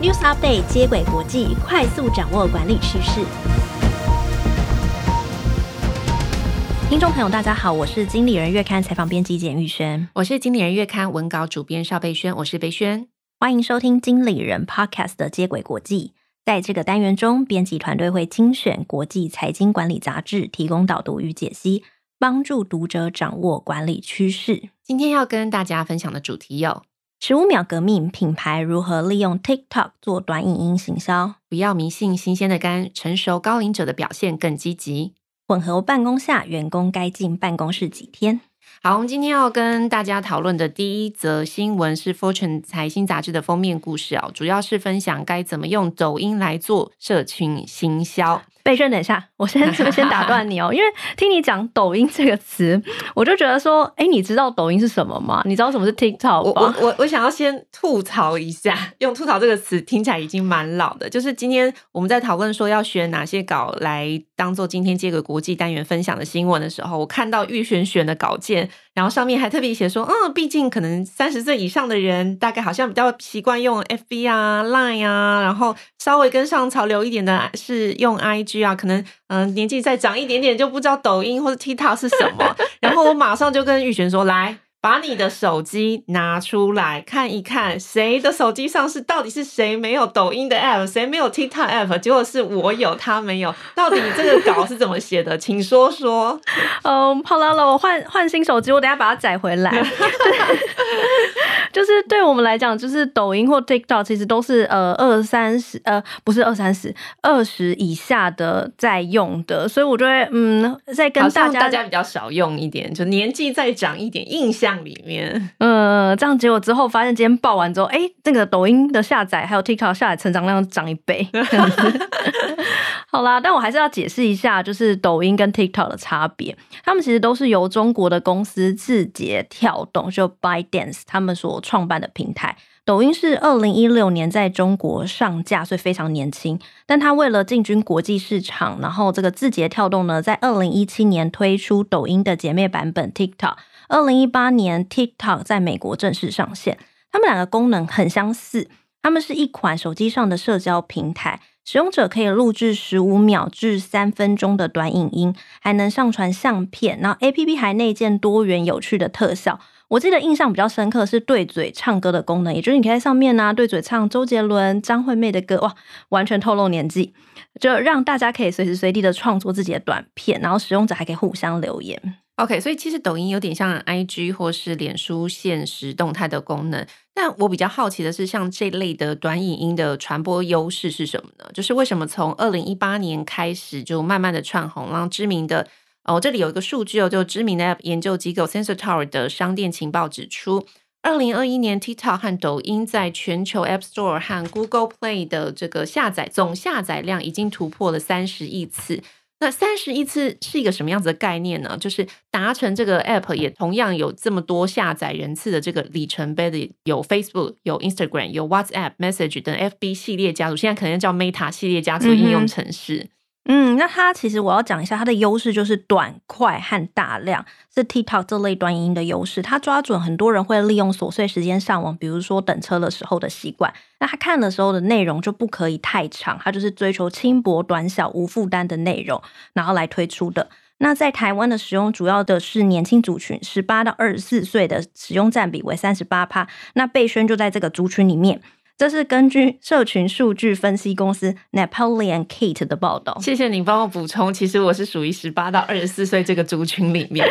News Update 接軌國際，快速掌握管理趨勢。聽眾朋友，大家好，我是經理人月刊採訪編輯簡玉軒，我是經理人月刊文稿主編邵貝萱，我是貝萱。歡迎收聽經理人 Podcast 的接軌國際。在這個單元中，編輯團隊會精選國際財經管理雜誌，提供導讀與解析，幫助讀者掌握管理趨勢。今天要跟大家分享的主題有。十五秒革命，品牌如何利用 TikTok 做短影音行銷？不要迷信新鮮的肝，成熟高齡者的表現更積極。混合辦公下，員工該進辦公室幾天？好，我們今天要跟大家討論的第一則新聞是 Fortune 財經雜誌的封面故事啊，哦，主要是分享該怎麼用抖音來做社群行銷。備軒，等一下，我先是不是先打斷你哦？ 因為聽你講“抖音”這個詞，我就覺得說，哎，你知道“抖音”是什麼嗎？你知道什麼是 TikTok 吧？TikTok？我我我想要先吐槽一下，用“吐槽”這個詞聽起來已經蠻老的。就是今天我們在討論說要選哪些稿來當做今天接軌國際單元分享的新聞的時候，我看到玉軒選的稿件。然後上面還特別寫說，嗯，畢竟可能三十歲以上的人，大概好像比較習慣用 FB 啊、Line 啊，然後稍微跟上潮流一點的是用 IG 啊，可能嗯年紀再長一點點就不知道抖音或者 TikTok 是什麼。 然後我馬上就跟玉璇說， 來。把你的手機拿出來看一看，誰的手機上是到底是誰沒有抖音的 app，誰沒有 TikTok app？結果是我有，他沒有。到底這個稿是怎麼寫的？ 請說說。嗯、um,，好啦好啦，我換換新手機，我等下把它載回來。 就是對我們來講，就是抖音或 TikTok 其實都是呃二三十呃不是二三十二十以下的在用的，所以我就會嗯再跟大家大家比較少用一點，就年紀再長一點，印象。量裡面，嗯，這樣結果之後發現，今天報完之後，哎、欸，這個抖音的下載還有 TikTok 下載成長量漲一倍。 好啦，但我還是要解釋一下，就是抖音跟 TikTok 的差別，他們其實都是由中國的公司字節跳動就 ByteDance 他們所創辦的平台。抖音是二零一六年在中國上架，所以非常年輕。但它為了進軍國際市場，然後這個字節跳動呢，在二零一七年推出抖音的姐妹版本 TikTok。二零一八年 TikTok 在美國正式上線。它們兩個功能很相似，它們是一款手機上的社交平台，使用者可以錄製十五秒至三分鐘的短影音，還能上傳相片。然後 APP 還內建多元有趣的特效。我記得印象比較深刻的是對嘴唱歌的功能，也就是你可以在上面呢、啊、對嘴唱周杰倫、張惠妹的歌，哇，完全透露年紀，就讓大家可以隨時隨地的創作自己的短片，然後使用者還可以互相留言。OK，所以其實抖音有點像 IG 或是臉書限時動態的功能，但我比較好奇的是，像這類的短影音的傳播優勢是什麼呢？就是為什麼從二零一八年開始就慢慢的竄紅，讓知名的。哦，這裡有一個數據哦，就知名的 App 研究機構 Sensor Tower 的商店情報指出，二零二一年 TikTok 和抖音在全球 App Store 和 Google Play 的這個下載總下載量已經突破了三十億次。那三十億次是一個什麼樣子的概念呢？就是達成這個 App 也同樣有這麼多下載人次的這個里程碑的，有 Facebook、有 Instagram、有 WhatsApp、Message 等 FB 系列家族，現在可能叫 Meta 系列家族應用程式。嗯嗯，那它其實我要講一下它的優勢，就是短快和大量是 TikTok 這類短影音的優勢。它抓準很多人會利用瑣碎時間上網，比如說等車的時候的習慣。那他看的時候的內容就不可以太長，他就是追求輕薄、短小、無負擔的內容，然後來推出的。那在台灣的使用，主要的是年輕族群，十八到二十四歲的使用占比為三十八趴。那貝宣就在這個族群裡面。這是根據社群數據分析公司 Napoleon Kate 的報道。謝謝你幫我補充，其實我是屬於十八到二十四歲這個族群裡面。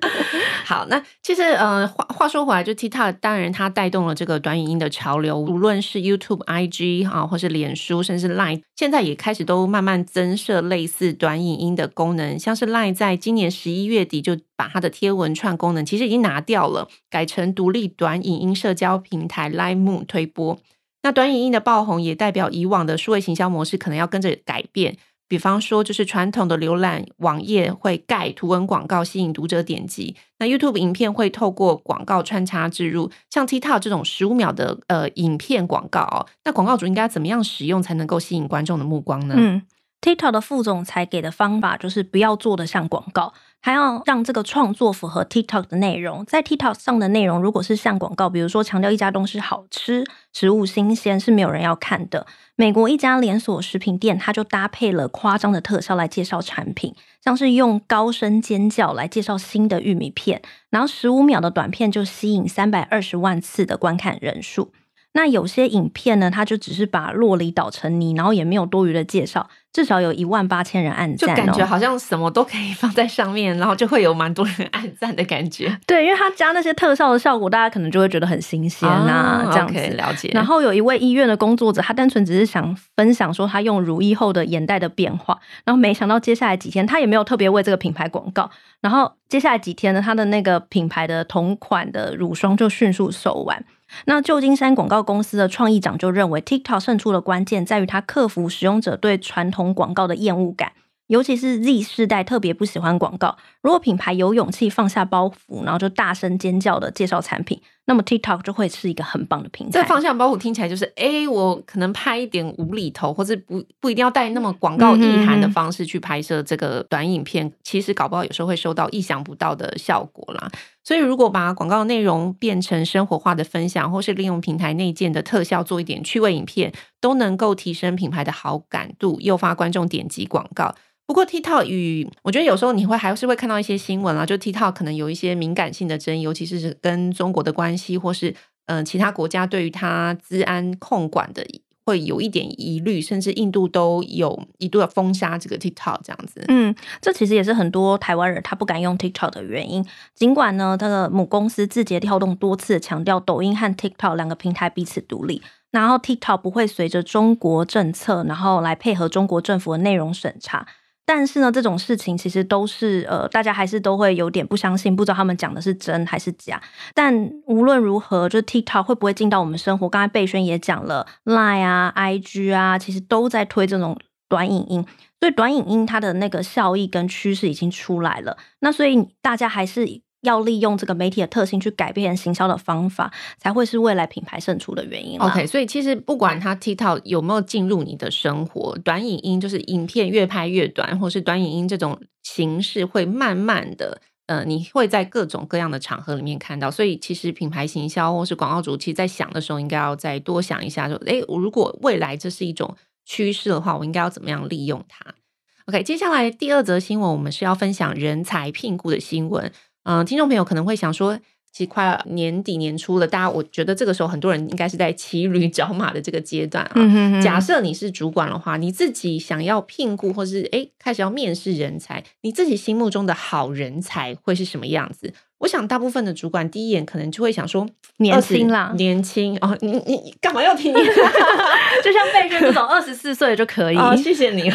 好，那其實，呃，話話說回來，就 TikTok 當然它帶動了這個短影音的潮流，無論是 YouTube、IG 啊，或是臉書，甚至 Line，現在也開始都慢慢增設類似短影音的功能。像是 Line 在今年十一月底就把它的貼文串功能其實已經拿掉了，改成獨立短影音社交平台 Line Moon 推播。那短影音的爆紅也代表以往的數位行銷模式可能要跟着改變，比方說就是傳統的瀏覽網頁會蓋圖文廣告吸引讀者點擊，那 YouTube 影片會透過廣告穿插置入，像 TikTok 這種十五秒的呃影片廣告，哦，那廣告主應該怎麼樣使用才能夠吸引觀眾的目光呢？嗯，TikTok 的副總裁給的方法就是不要做得像廣告。還要讓這個創作符合 TikTok 的內容，在 TikTok 上的內容如果是像廣告，比如說強調一家東西好吃、食物新鮮，是沒有人要看的。美國一家連鎖食品店，它就搭配了誇張的特效來介紹產品，像是用高聲尖叫來介紹新的玉米片，然後十五秒的短片就吸引三百二十萬次的觀看人數。那有些影片呢，它就只是把酪梨搗成泥，然後也沒有多餘的介紹。至少有一萬八千人按讚哦。就感覺好像什麼都可以放在上面，然後就會有蠻多人按讚的感覺。 對，因為他加那些特效的效果，大家可能就會覺得很新鮮吶、啊啊。這樣子 okay, 了解。然後有一位醫院的工作者，他單純只是想分享說他用乳液後的眼袋的變化，然後沒想到接下來幾天他也沒有特別為這個品牌廣告。然後接下來幾天呢，他的那個品牌的同款的乳霜就迅速售完。那舊金山廣告公司的創意長就認為，TikTok 勝出的關鍵在於它克服使用者對傳統廣告的厭惡感，尤其是 Z 世代特別不喜歡廣告，如果品牌有勇氣放下包袱，然後就大聲尖叫的介紹產品。那麼 TikTok 就會是一個很棒的平台。這個方向包括聽起來就是，A、欸、我可能拍一點無厘頭，或者不不一定要帶那麼廣告意涵的方式去拍攝這個短影片，嗯，其實搞不好有時候會收到意想不到的效果啦。所以如果把廣告內容變成生活化的分享，或是利用平台內建的特效做一點趣味影片，都能夠提升品牌的好感度，誘發觀眾點擊廣告。不過，TikTok 與我覺得有時候你會還是會看到一些新聞啊，就 TikTok 可能有一些敏感性的爭議，尤其是跟中國的關係，或是嗯、呃、其他國家對於它資安控管的會有一點疑慮，甚至印度都有一度要封殺這個 TikTok 這樣子。嗯，這其實也是很多台灣人他不敢用 TikTok 的原因。儘管呢，他的母公司字節跳動多次強調，抖音和 TikTok 兩個平台彼此獨立，然後 TikTok 不會隨着中國政策，然後來配合中國政府的內容審查。但是呢，這種事情其實都是呃，大家還是都會有點不相信，不知道他們講的是真還是假。但無論如何，就是 TikTok 會不會進到我們生活？剛才貝軒也講了，Line 啊、IG 啊，其實都在推這種短影音，所以短影音它的那個效益跟趨勢已經出來了。那所以大家還是，要利用這個媒體的特性去改變行銷的方法，才會是未來品牌勝出的原因。OK，所以其實不管它 TikTok 有沒有進入你的生活，短影音就是影片越拍越短，或是短影音這種形式會慢慢的，呃，你會在各種各樣的場合裡面看到。所以其實品牌行銷或是廣告主，其實在想的時候，應該要再多想一下，說，哎，如果未來這是一種趨勢的話，我應該要怎麼樣利用它？OK，接下來第二則新聞，我們是要分享人才聘雇的新聞。嗯，聽眾朋友可能會想說，其實快年底年初了，大家我覺得這個時候很多人應該是在騎驢找馬的這個階段啊。嗯、哼哼，假設你是主管的話，你自己想要聘僱或是哎、欸、開始要面試人才，你自己心目中的好人才會是什麼樣子？我想，大部分的主管第一眼可能就會想說，年輕，年輕了，年輕哦，你你幹嘛要提？就像貝貝這種二十四歲就可以，謝謝你。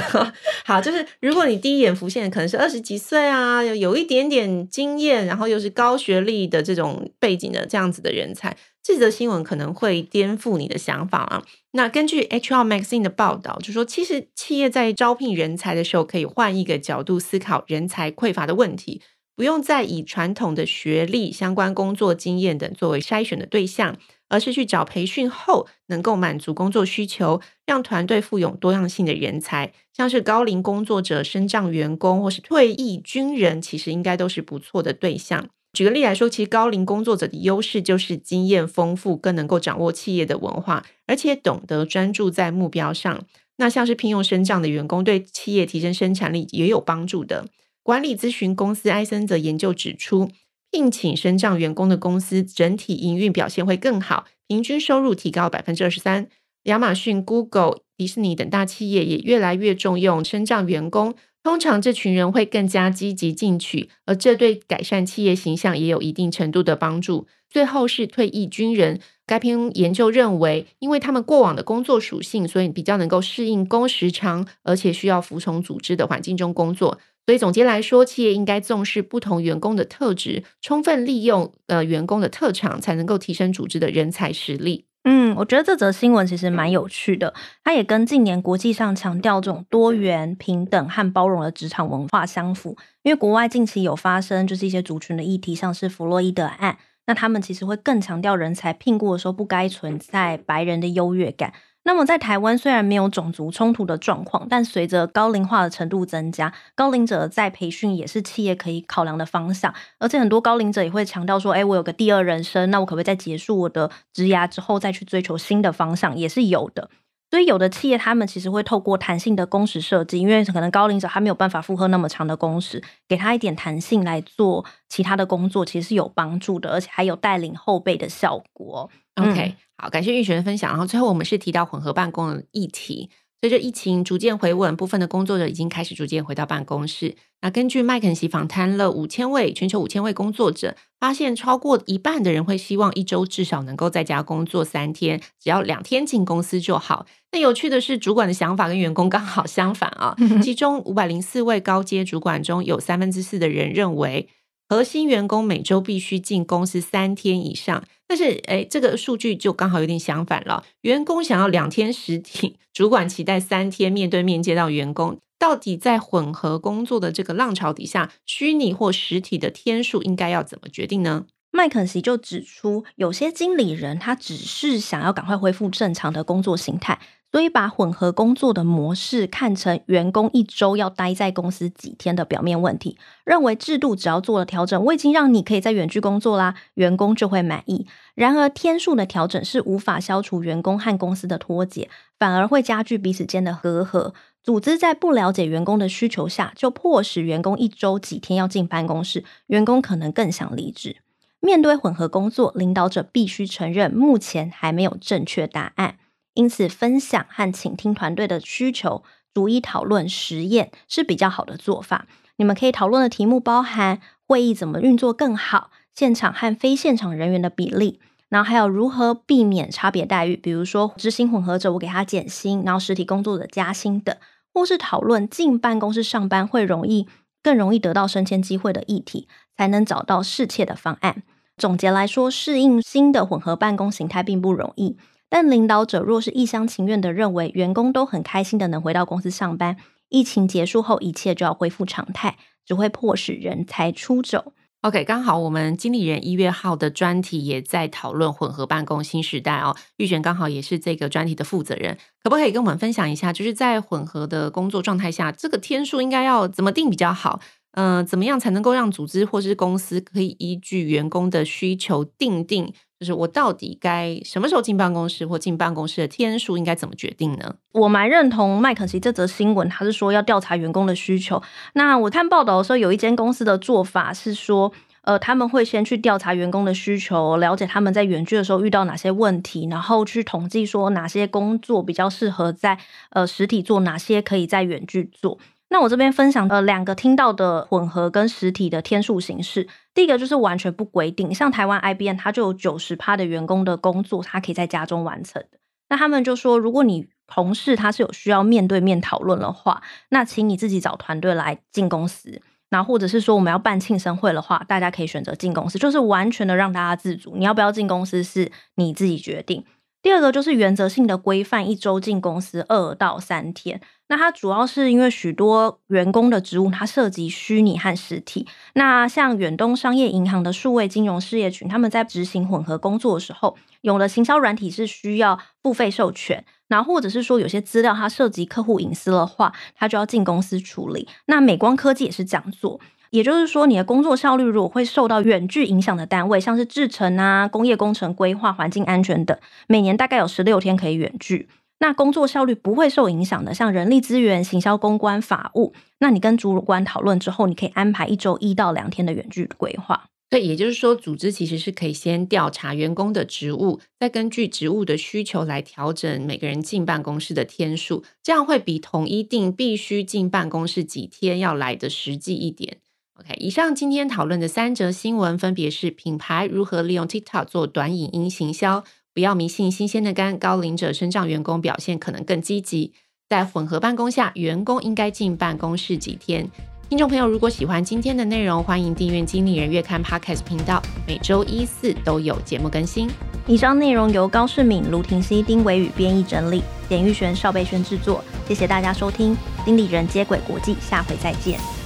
好，就是如果你第一眼浮現的可能是二十幾歲啊，有一點點經驗，然後又是高學歷的這種背景的這樣子的人才，這則新聞可能會顛覆你的想法啊。那根據 HR Magazine 的報道，就說其實企業在招聘人才的時候，可以換一個角度思考人才匱乏的問題。不用再以傳統的學歷、相關工作經驗等作為篩選的對象，而是去找培訓後能夠滿足工作需求、讓團隊富有多樣性的人才。像是高齡工作者、身障員工或是退役軍人，其實應該都是不錯的對象。舉個例來說，其實高齡工作者的優勢就是經驗豐富，更能夠掌握企業的文化，而且懂得專注在目標上。那像是聘用身障的員工，對企業提升生產力也有幫助的。管理諮詢公司埃森哲研究指出，聘請身障員工的公司整體營運表現會更好，平均收入提高百分之二十三。亞馬遜、Google、迪士尼等大企業也越來越重用身障員工。通常，這群人會更加積極進取，而這對改善企業形象也有一定程度的幫助。最後是退役軍人。該篇研究認為，因為他們過往的工作屬性，所以比較能夠適應工時長而且需要服從組織的環境中工作。所以總結來說，企業應該重視不同員工的特質，充分利用呃員工的特長，才能夠提升組織的人才實力。嗯，我覺得這則新聞其實蠻有趣的，它也跟近年國際上強調這種多元、平等和包容的職場文化相符。因為國外近期有發生就是一些族群的議題，像是弗洛伊德案，那他們其實會更強調人才聘僱的時候不該存在白人的優越感。那麼在台灣雖然沒有種族衝突的狀況，但隨着高齡化的程度增加，高齡者在培訓也是企業可以考量的方向。而且很多高齡者也會強調說：“哎、欸，我有個第二人生，那我可不可以在結束我的職涯之後再去追求新的方向？”也是有的。所以有的企業他們其實會透過彈性的工時設計，因為可能高齡者他沒有辦法負荷那麼長的工時，給他一點彈性來做其他的工作，其實是有幫助的，而且還有帶領後輩的效果。OK，好，感謝玉璇的分享。然後最後我們是提到混合辦公的議題。隨着疫情逐漸回穩，部分的工作者已經開始逐漸回到辦公室。那根據麥肯錫訪談了五千位全球五千位工作者，發現超過一半的人會希望一周至少能夠在家工作三天，只要兩天進公司就好。那有趣的是，主管的想法跟員工剛好相反啊。其中五百零四位高階主管中有三分之四的人認為，核心員工每周必須進公司三天以上。但是，哎，這個數據就剛好有點相反了。員工想要兩天實體，主管期待三天面對面接到員工。到底在混合工作的這個浪潮底下，虛擬或實體的天數應該要怎麼決定呢？麥肯錫就指出，有些經理人他只是想要趕快恢復正常的工作形態。所以，把混合工作的模式看成員工一周要待在公司幾天的表面問題，認為制度只要做了調整，我已經讓你可以在遠距工作啦，員工就會滿意。然而，天數的調整是無法消除員工和公司的脫節，反而會加劇彼此間的隔閡。組織在不了解員工的需求下，就迫使員工一周幾天要進辦公室，員工可能更想離職。面對混合工作，領導者必須承認，目前還沒有正確答案。因此，分享和傾聽團隊的需求，逐一討論實驗是比較好的做法。你們可以討論的題目包含：會議怎麼運作更好？現場和非現場人員的比例，然後還有如何避免差別待遇，比如說執行混合者我給他減薪，然後實體工作者加薪等，或是討論進辦公室上班會容易更容易得到升遷機會的議題，才能找到適切的方案。總結來說，適應新的混合辦公形態並不容易。但領導者若是一廂情願的認為員工都很開心的能回到公司上班，疫情結束後一切就要恢復常態，只會迫使人才出走。OK，剛好我們經理人一月號的專題也在討論混合辦公新時代哦。玉璇剛好也是這個專題的負責人，可不可以跟我們分享一下，就是在混合的工作狀態下，這個天數應該要怎麼定比較好？嗯、呃，怎麼樣才能夠讓組織或是公司可以依據員工的需求定定？就是我到底該什麼時候進辦公室或進辦公室的天數應該怎麼決定呢？我蠻認同麥肯錫這則新聞，他是說要調查員工的需求。那我看報道的時候，有一間公司的做法是說，呃，他們會先去調查員工的需求，了解他們在遠距的時候遇到哪些問題，然後去統計說哪些工作比較適合在呃實體做，哪些可以在遠距做。那我這邊分享的、呃、兩個聽到的混合跟實體的天數形式，第一個就是完全不規定，像台灣 IBM 它就有九十趴的員工的工作，他可以在家中完成。那他們就說，如果你同事他是有需要面對面討論的話，那請你自己找團隊來進公司。那或者是說我們要辦慶生會的話，大家可以選擇進公司，就是完全的讓大家自主，你要不要進公司是你自己決定。第二個就是原則性的規範，一周進公司二到三天。那它主要是因為許多員工的職務，它涉及虛擬和實體。那像遠東商業銀行的數位金融事業群，他們在執行混合工作的時候，有的行銷軟體是需要付費授權，然後或者是說有些資料它涉及客戶隱私的話，它就要進公司處理。那美光科技也是這樣做。也就是說，你的工作效率如果會受到遠距影響的單位，像是製程啊、工業工程規劃、環境安全等，每年大概有十六天可以遠距。那工作效率不會受影響的，像人力資源、行銷、公關、法務，那你跟主管討論之後，你可以安排一周一到兩天的遠距規劃。對，也就是說，組織其實是可以先調查員工的職務，再根據職務的需求來調整每個人進辦公室的天數，這樣會比統一定必須進辦公室幾天要來的實際一點。OK，以上今天討論的三則新聞分別是：品牌如何利用 TikTok 做短影音行銷。不要迷信新鮮的肝。高齡者、身障員工表現可能更積極。在混合辦公下，員工應該進辦公室幾天？聽眾朋友，如果喜歡今天的內容，歡迎訂閱《經理人月刊》Podcast 頻道，每周一、四都有節目更新。以上內容由高世敏、盧廷希、丁偉宇編譯整理，簡玉璇、邵貝軒製作。謝謝大家收聽《經理人接軌國際》，下回再見。